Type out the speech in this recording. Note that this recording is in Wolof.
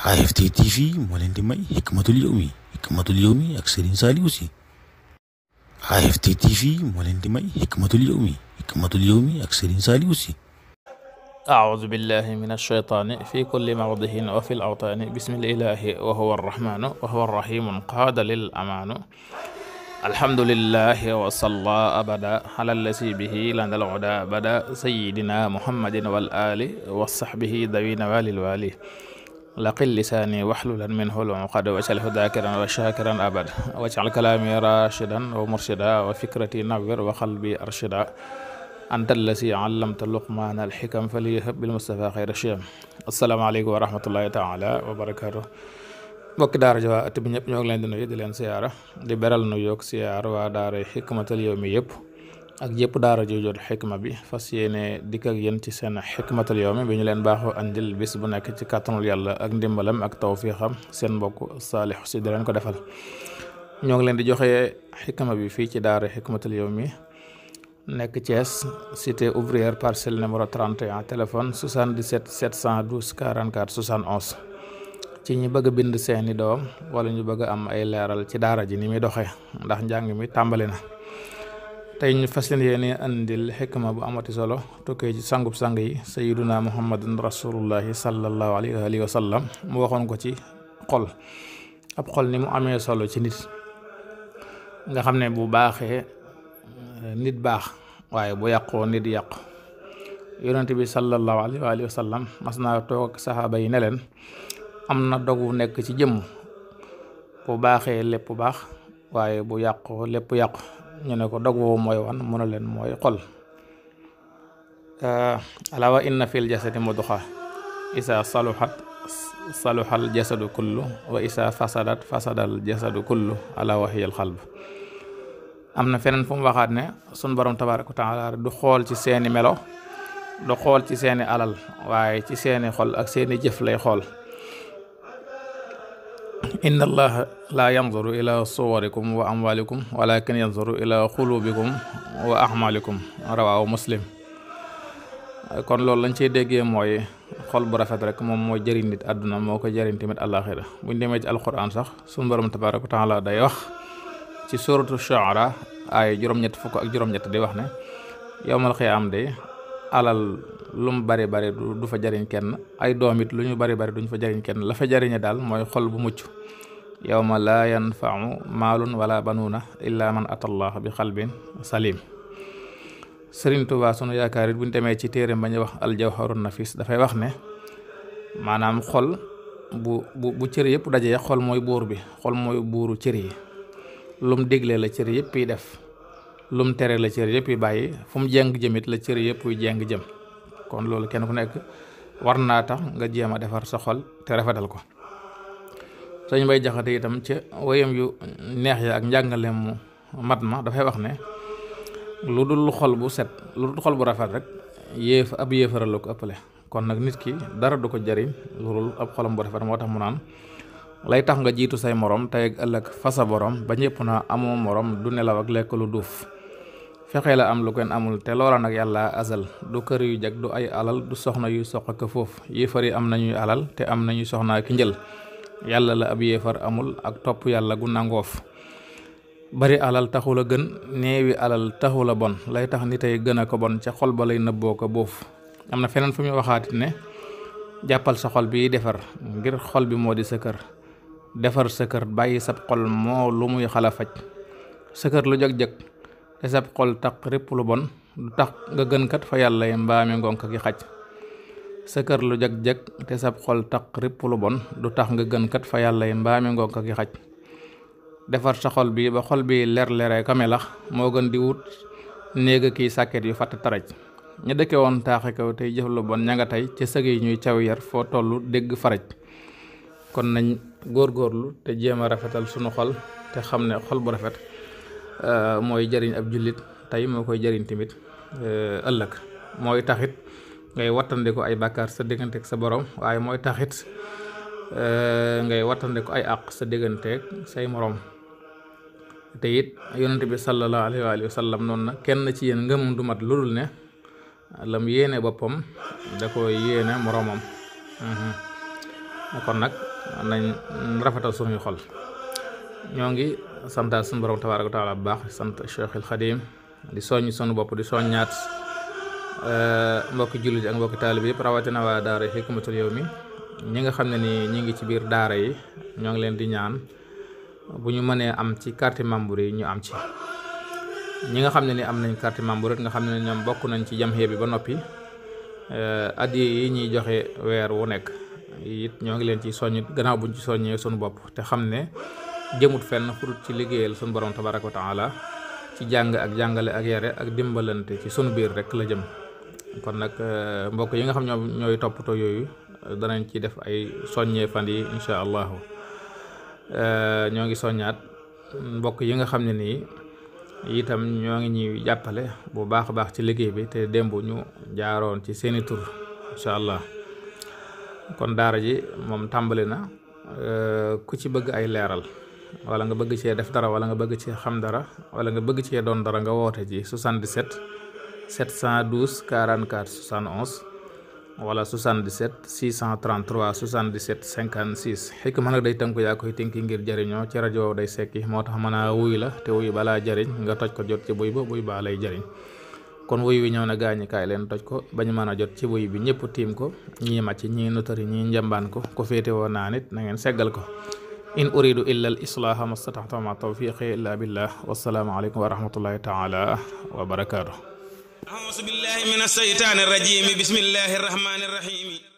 AFT TV moo leen di may xikmatul yawmi xikmatul yawmi ak Serigne Saliou Sy AFT TV moo leen di may xikmatul yawmi xikmatul yawmi ak Serigne Saliou Sy أعوذ بالله من الشيطان في كل موضع وفي الأوطان بسم الإله وهو الرحمن وهو الرحيم قاد للأمان الحمد لله وصلى أبدا على الذي به لنا العدا بدا سيدنا محمد والآل والصحبه ذوي نوال الوالي laqil lisaani waxlulan minhu lmuqad waj'alhu daakiran wa shaakiran abad kalaami rashidan wa murshida wa fikrati nawwir wa qalbi arshida anta allasi allamta alxikam faliyahab bilmustafa xayra shiyam asalaamaaleykum wa rahmatullahi taala wa bi ñëpp ñoo ngi leen di nuyu di siyaara di beral nu siyaar waa daaray xikmatal ak yëpp daara joojoot xikma bi fas yéene dikk ak yéen ci seen xikmatul yawmi bi ñu leen baaxoo andil bis bu nekk ci kàttanul yàlla ak ndimbalam ak taw fii xam seen mbokk saalixu si di leen ko defal ñoo ngi leen di joxe xikma bi fii ci daara xikmatul mi nekk ci te ouvrière parcelle numéro 31 téléphone 77 712 44 71 ci ñi bëgg a bind seeni doom wala ñu bëgg am ay leeral ci daara ji ni muy doxee ndax njàng mi tàmbali na tey ñu fas leen yéene andil xikma bu amati solo tukkee ci sangub sang yi sayiduna muhammadun rasulullahi sallallahu alayhi wa sallam mu waxoon ko ci xol ab xol ni mu amee solo ci nit nga xam ne bu baaxee nit baax waaye bu yàqoo nit yàq yonent bi sallallahu alayhi wa sallam mas naa toog ak saxaaba yi ne leen am na dogu nekk ci jëmm bu baaxee lépp baax waaye bu yàqoo lépp yàqu ñu ne ko dog woowu mooy wan mu ne leen mooy xool alaa wa inna fil jasadi mudxa isaa saluxat saluxal jasadu kullu wa isaa fasadat fasadal jasadu kullu alaa wa xalb am na feneen fu waxaat ne sun borom tabaaraka taala du xool ci seeni melo du xool ci seeni alal waaye ci seeni xol ak seeni jëf lay xool inna allaha laa yanzuru ila suwarikum wa amwalikum walakin yanzuru ila xulubikum wa ahmalikum rawaaw muslim kon loolu lañ ciy déggee mooy xol bu rafet rek moom mooy jëriñ nit àdduna moo ko jëriñ tamit àllaaxira buñ demee ci alquran sax suñu borom tabaaraka wa taala day wax ci suratu shuara ay juróom-ñett fukk ak juróom-ñett di wax ne yowmal xiyaam de alal lu mu bari bari du fa jariñ kenn ay doom lu ñu bari bari duñ fa jariñ kenn la fa jariñe daal mooy xol bu mucc yawma laa yanfau maalun wala banuuna illa man ata bi xalbin salim sëriñ Tuubaa sunu yaakaar it buñ demee ci téere ba ñuy wax aljawharun nafis dafay wax ne maanaam xol bu bu bu cër yëpp dajee xol mooy buur bi xol mooy buuru cër yi lum digle la cër yëpp yi def lu mu tere la cër yëpp yi bàyyi fu mu jeng jëmit la cër yépp yu jeng jëm kon loolu kenn ku nekk war naa tax nga jéem a defar sa xol te rafetal ko sëñ bay jaxate itam ci wayam yu neex ya ak njàngale mu mat ma dafay wax ne lu dul xol bu set lu dul xol bu rafet rek yéef ab yéefaral la ko ëppale kon nag nit ki dara du ko jariñ loolu ab xolam bu rafet moo tax mu naan lay tax nga jiitu say moroom tey ak ëllëg fa sa borom ba ñëpp naa amoo moroom du nelaw ak lekk lu fexe la am lu kenn amul te loola nag yàlla asal du kër yu jag du ay alal du soxna yu soq ko foofu yéefar yi am nañuy alal te am na ñuy soxnaa ki njël yàlla la ab yéefar amul ak topp yàlla gu nangoof bari alal taxul a gën néewi alal taxul a bon lay tax nit ay gën a ko bon ca xol ba lay nëbboo ko boofu am na feneen fu muy waxaatit ne jàppal sa xol bi defar ngir xol bi moo di sa kër defar sa kër bàyyi sab xol moo lu muy xala faj sa kër lu jag jag te sab xol taq répp lu bon du tax nga gën kat fa yàlla mbaami ngonk ki xaj sa kër lu jag-jag te sab xol taq répp lu bon du tax nga gën kat fa yàlla yi mbaami ngonk ki xaj defar sa xol bi ba xol bi leer leere ka melax moo gën di wut néega kiy sàkket yu fàtt taraj ña dëkke woon taax kaw tey jëf lu bon ña nga tey ca sëg yi ñuy caw yar foo tollu dégg faraj kon nañ góorlu te jéem a rafetal sunu xol te xam ne xol bu rafet Euh, mooy jëriñ ab jullit tey moo koy jariñ tamit euh, ëllëg mooy taxit ngay wattandiku ay bàkkaar sa digganteeg sa borom waaye mooy taxit euh, ngay wattandiku ay àq sa digganteeg say moroom te it yonent bi sallallahu alayhi wa sallam noonu na kenn ci yéen ngëmam du mat ludul ne lam yéene boppam da koy yéene moromam mhm. kon nag nañ rafetal suñuy xol ñoo ngi santaat sunu borom tabaaraka wa taala bu baax sant Cheikhul di soññ sunu bopp di soññaat eh, mbokki jullit ak mbokki taalib yëpp rawatina waa daara Hikmatul mi ñi nga xam ne ni ñi ngi ci biir daara yi ñoo ngi leen di ñaan bu ñu mënee am ci carte membre yi ñu am ci ñi nga xam ne ni am nañ carte membre nga xam ne ñoom bokk nañ ci jamxee bi ba noppi eh, addiya yi ñuy joxe weer wu nekk it ñoo ngi leen ci soñ gannaaw buñ ci soññee sunu bopp te xam ne jëmut fenn furut ci liggéeyal sunu borom tabaraka wa taala ci jàng ak jàngale ak yare ak dimbalante ci sunu biir rek la jëm kon nag euh, mbokk yi nga xam ñoo ñooy toppatoo yooyu danañ ci def ay soññee fan yi insha allahu euh, ñoo ngi soññaat mbokk yi nga xam ne nii itam ñoo ngi ñuy jàppale bu baax a baax ci liggéey bi te démb ñu jaaroon ci seeni tur incha allah kon daara ji moom tàmbali na euh, ku ci bëgg ay leeral wala nga bëgg cee def dara wala nga bëgg cee xam dara wala nga bëgg cee doon dara nga woote ci 77 712 44 71 wala 77 633 77 56 xikma a day tënku yaa koy tënki ngir jariñoo ci rajo day sekki moo tax mën a wuy la te wuy balaa jariñ nga toj ko jot ci buy ba buy baa lay jariñ kon wuy wi ñëw na gaañukaay leen toj ko bañu mën a jot ci wuy bi ñëpp tiim ko ñii màcc ñii notari ñii njambaan ko ko woon naa nit na ngeen seggal ko in uridu illa al islaaha mastataxta ma tawfiqi illa billah wassalaamu aleykum wa rahmatullahi taala wa barakaatu auzu billahi min asheytaani rajim bismillahi rahmani rahim